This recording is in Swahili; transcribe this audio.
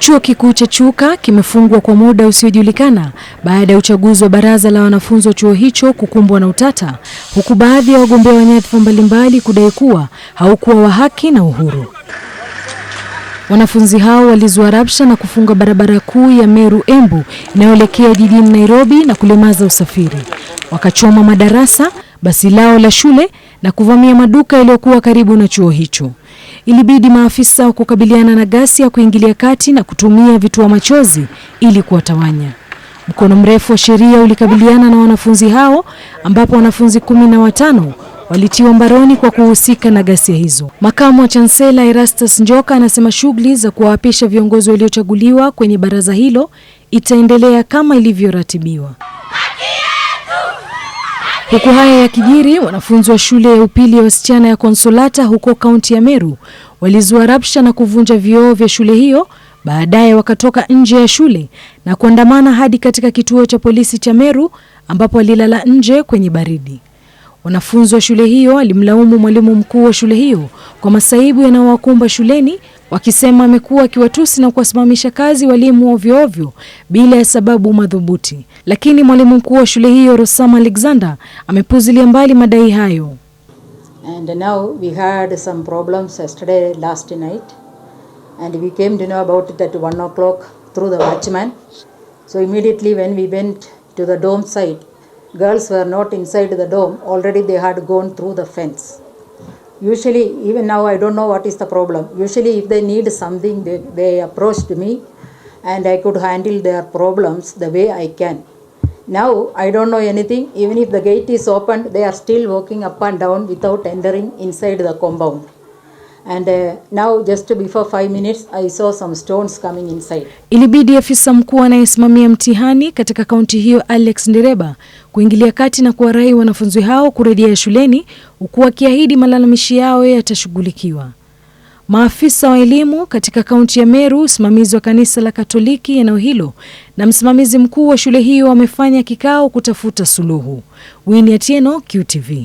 Chuo kikuu cha Chuka kimefungwa kwa muda usiojulikana baada ya uchaguzi wa baraza la wanafunzi wa chuo hicho kukumbwa na utata, huku baadhi ya wagombea wa nyadhifa mbalimbali kudai kuwa haukuwa wa haki na uhuru. Wanafunzi hao walizua rabsha na kufunga barabara kuu ya Meru Embu inayoelekea jijini Nairobi na kulemaza usafiri, wakachoma madarasa, basi lao la shule na kuvamia maduka yaliyokuwa karibu na chuo hicho ilibidi maafisa wa kukabiliana na ya kuingilia kati na kutumia vitoa machozi ili kuwatawanya. Mkono mrefu wa sheria ulikabiliana na wanafunzi hao ambapo wanafunzi kumi na watano walitiwa mbaroni kwa kuhusika na ghasia hizo. Makamu wa Chansela Erastus Njoka anasema shughuli za kuwaapisha viongozi waliochaguliwa kwenye baraza hilo itaendelea kama ilivyoratibiwa. Huku haya ya kijiri wanafunzi wa shule ya upili ya wasichana ya Konsolata huko kaunti ya Meru walizua rabsha na kuvunja vioo vya shule hiyo. Baadaye wakatoka nje ya shule na kuandamana hadi katika kituo cha polisi cha Meru ambapo walilala nje kwenye baridi. Wanafunzi wa shule hiyo alimlaumu mwalimu mkuu wa shule hiyo kwa masaibu yanayowakumba shuleni, wakisema amekuwa akiwatusi na kuwasimamisha kazi walimu ovyoovyo bila ya sababu madhubuti. Lakini mwalimu mkuu wa shule hiyo Rosama Alexander amepuzilia mbali madai hayo. And now we had some problems yesterday last night and we came to know about it at 1 o'clock through the watchman. So immediately when we went to the dome site Girls were not inside the dome, already they had gone through the fence. Usually, even now I don't know what is the problem. Usually, if they need something, they, they approached me and I could handle their problems the way I can. Now, I don't know anything. Even if the gate is opened, they are still walking up and down without entering inside the compound. And uh, now just before five minutes I saw some stones coming inside. Ilibidi afisa mkuu anayesimamia mtihani katika kaunti hiyo Alex Ndereba kuingilia kati na kuwarai wanafunzi hao kurejea shuleni huku wakiahidi malalamishi yao yatashughulikiwa. Maafisa wa elimu katika kaunti ya Meru, msimamizi wa kanisa la Katoliki eneo hilo na msimamizi mkuu wa shule hiyo wamefanya kikao kutafuta suluhu. Winnie Atieno, QTV.